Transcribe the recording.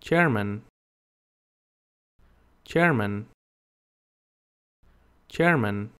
chairman chairman chairman